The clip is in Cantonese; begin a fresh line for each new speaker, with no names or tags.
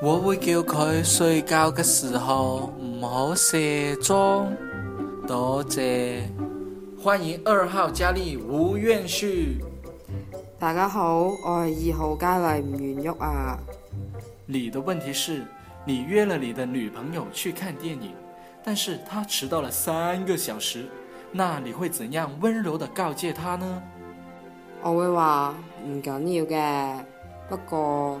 我會叫佢睡覺嘅時候唔好卸妝，多謝，謝。歡迎二號佳麗吳願旭。大家好，我係二號佳麗吳願旭啊。你的問題是，你約了你的女朋友去看電影，但是她遲到了三個小時，那你會怎樣溫柔地告誡她呢？我會話唔緊要嘅，不過。